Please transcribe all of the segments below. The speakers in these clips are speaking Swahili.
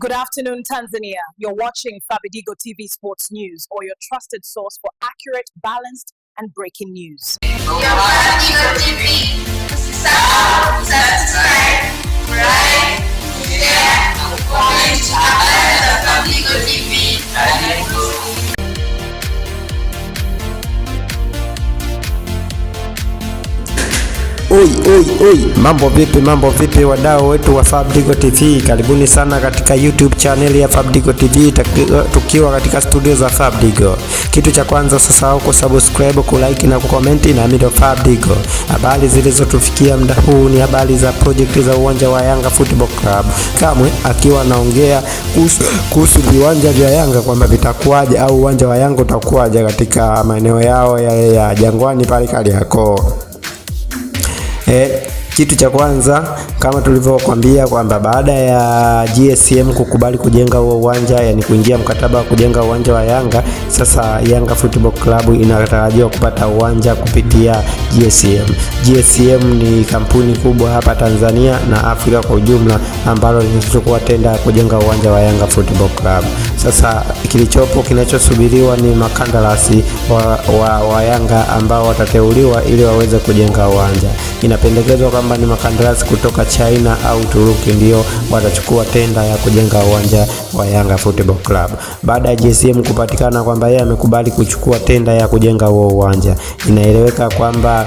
Good afternoon, Tanzania. You're watching Fabidigo TV Sports News or your trusted source for accurate, balanced, and breaking news. Oi, oi, oi. Mambo vipi, mambo vipi wadau wetu wa Fabidigo TV, karibuni sana katika YouTube channel ya Fabidigo TV tukiwa katika studio za Fabidigo. Kitu cha kwanza sasa uko subscribe, ku like na ku comment na mido Fabidigo. Habari zilizotufikia muda huu ni habari za project za uwanja wa Yanga Football Club. Kamwe akiwa anaongea kuhusu viwanja vya Yanga kwamba vitakuwaje au uwanja wa Yanga utakuwaje katika maeneo yao ya, ya Jangwani pale Kariakoo. え Kitu cha kwanza kama tulivyokuambia kwamba baada ya GSM kukubali kujenga huo uwanja, yani kuingia mkataba wa kujenga uwanja wa Yanga, sasa Yanga Football Club inatarajiwa kupata uwanja kupitia GSM. GSM ni kampuni kubwa hapa Tanzania na Afrika kwa ujumla ambalo lilichukua tenda kujenga uwanja wa Yanga Football Club. Sasa kilichopo kinachosubiriwa ni makandarasi wa, wa, wa Yanga ambao watateuliwa ili waweze kujenga uwanja. Inapendekezwa kwamba ni makandarasi kutoka China au Turuki ndio watachukua tenda ya kujenga uwanja wa Yanga Football Club baada ya JCM kupatikana kwamba yeye amekubali kuchukua tenda ya kujenga huo uwanja. Inaeleweka kwamba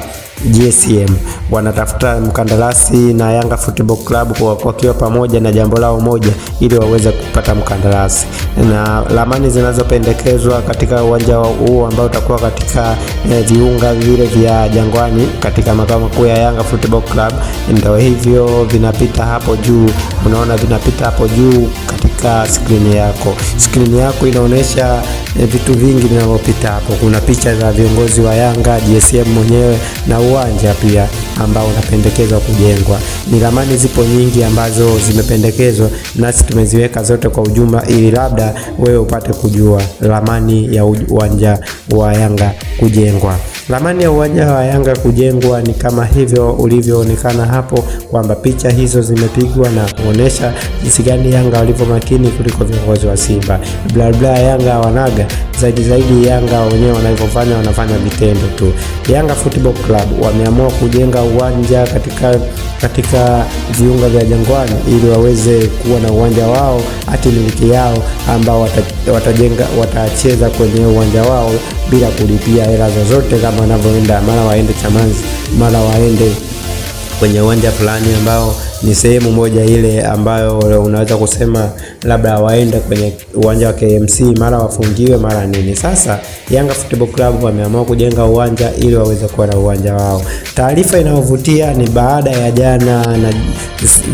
GSM wanatafuta mkandarasi na Yanga Football Club kwa wakiwa pamoja na jambo lao moja, ili waweze kupata mkandarasi, na ramani zinazopendekezwa katika uwanja huu ambao utakuwa katika eh, viunga vile vya Jangwani katika makao makuu ya Yanga Football Club, ndio hivyo vinapita hapo juu, unaona vinapita hapo juu katika katika skrini yako. Skrini yako inaonyesha e, vitu vingi vinavyopita hapo. Kuna picha za viongozi wa Yanga, GSM mwenyewe na uwanja pia ambao unapendekezwa kujengwa. Ni ramani zipo nyingi ambazo zimependekezwa, nasi tumeziweka zote kwa ujumla, ili labda wewe upate kujua ramani ya uwanja wa Yanga kujengwa. Ramani ya uwanja wa Yanga kujengwa ni kama hivyo ulivyoonekana hapo, kwamba picha hizo zimepigwa na kuonesha jinsi gani Yanga walivyo makini kuliko viongozi wa Simba. Bla bla Yanga wanaga zaidi zaidi, Yanga wenyewe wanavyofanya, wanafanya vitendo tu. Yanga Football Club wameamua kujenga uwanja katika katika viunga vya Jangwani ili waweze kuwa na uwanja wao hati miliki yao ambao watajenga watacheza kwenye uwanja wao bila kulipia hela zozote kama wanavyoenda, mara waende Chamazi, mara waende kwenye uwanja fulani ambao ni sehemu moja ile ambayo unaweza kusema labda waende kwenye uwanja wa KMC mara wafungiwe mara nini. Sasa Yanga Football Club wameamua kujenga uwanja ili waweze kuwa na uwanja wao. Taarifa inayovutia ni baada ya jana na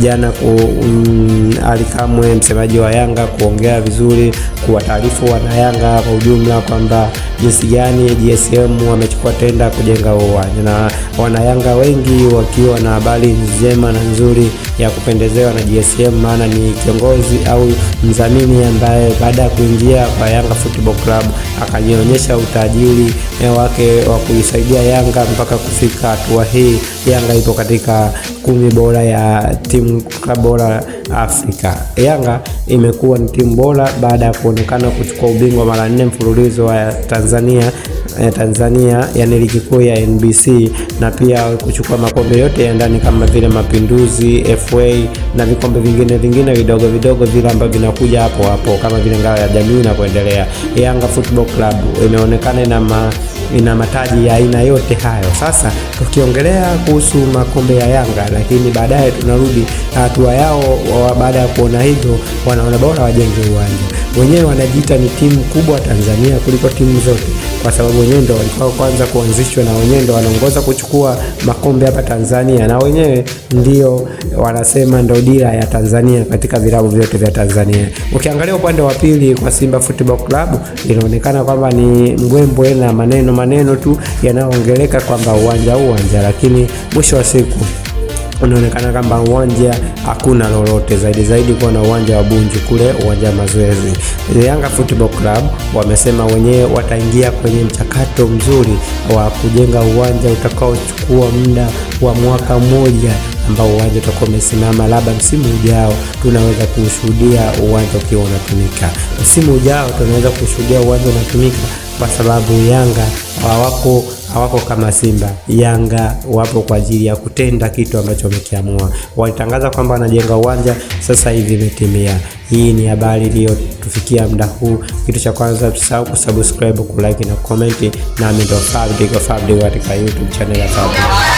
jana ku, um, mm, Alikamwe msemaji wa Yanga kuongea vizuri, kuwataarifu wana Yanga kwa ujumla kwamba jinsi gani GSM wamechukua tenda kujenga uwanja na wana Yanga wengi wakiwa na habari njema na nzuri ya kupendezewa na GSM, maana ni kiongozi au mdhamini ambaye baada ya kuingia kwa Yanga Football Club akajionyesha utajiri eh, wake wa kuisaidia Yanga mpaka kufika hatua hii. Yanga ipo katika kumi bora ya timu klabu bora Afrika. Yanga imekuwa ni timu bora baada ya kuonekana kuchukua ubingwa mara nne mfululizo wa Tanzania eh, Tanzania, yani ligi kuu ya NBC, na pia kuchukua makombe yote ya ndani kama vile Mapinduzi, FA na vikombe vingine vingine vidogo vidogo vile ambavyo vinakuja hapo hapo kama vile ngao ya jamii na kuendelea. Yanga Football Club imeonekana ina ina mataji ya aina yote hayo. Sasa tukiongelea kuhusu makombe ya Yanga, lakini baadaye tunarudi hatua yao. Baada ya kuona hivyo, wanaona bora wajenge uwanja wenyewe. Wanajiita ni timu kubwa Tanzania kuliko timu zote, kwa sababu wenyewe ndio walikuwa kwanza kuanzishwa na wenyewe ndio wanaongoza kuchukua makombe hapa Tanzania, na wenyewe ndio wanasema ndio dira ya Tanzania katika vilabu vyote vya Tanzania. Ukiangalia upande wa pili kwa Simba Football Club, inaonekana kwamba ni mgwembwe na maneno maneno tu yanayoongeleka kwamba uwanja uwanja, lakini mwisho wa siku unaonekana kwamba uwanja hakuna lolote zaidi zaidi kuwa na uwanja wa Bunju kule uwanja wa mazoezi. Yanga Football Club wamesema wenyewe wataingia kwenye mchakato mzuri wa kujenga uwanja utakaochukua muda wa mwaka mmoja ambao uwanja utakuwa umesimama, labda msimu ujao tunaweza kushuhudia uwanja ukiwa unatumika. Msimu ujao tunaweza kushuhudia uwanja unatumika kwa sababu Yanga hawako hawako kama Simba. Yanga wapo kwa ajili ya kutenda kitu ambacho wamekiamua. Walitangaza kwamba wanajenga uwanja, sasa hivi imetimia. Hii ni habari iliyotufikia muda huu. Kitu cha kwanza, tusahau kusubscribe, kulike na comment, nami ndo Fabidigo Fabidigo katika YouTube channel ya Fabidigo.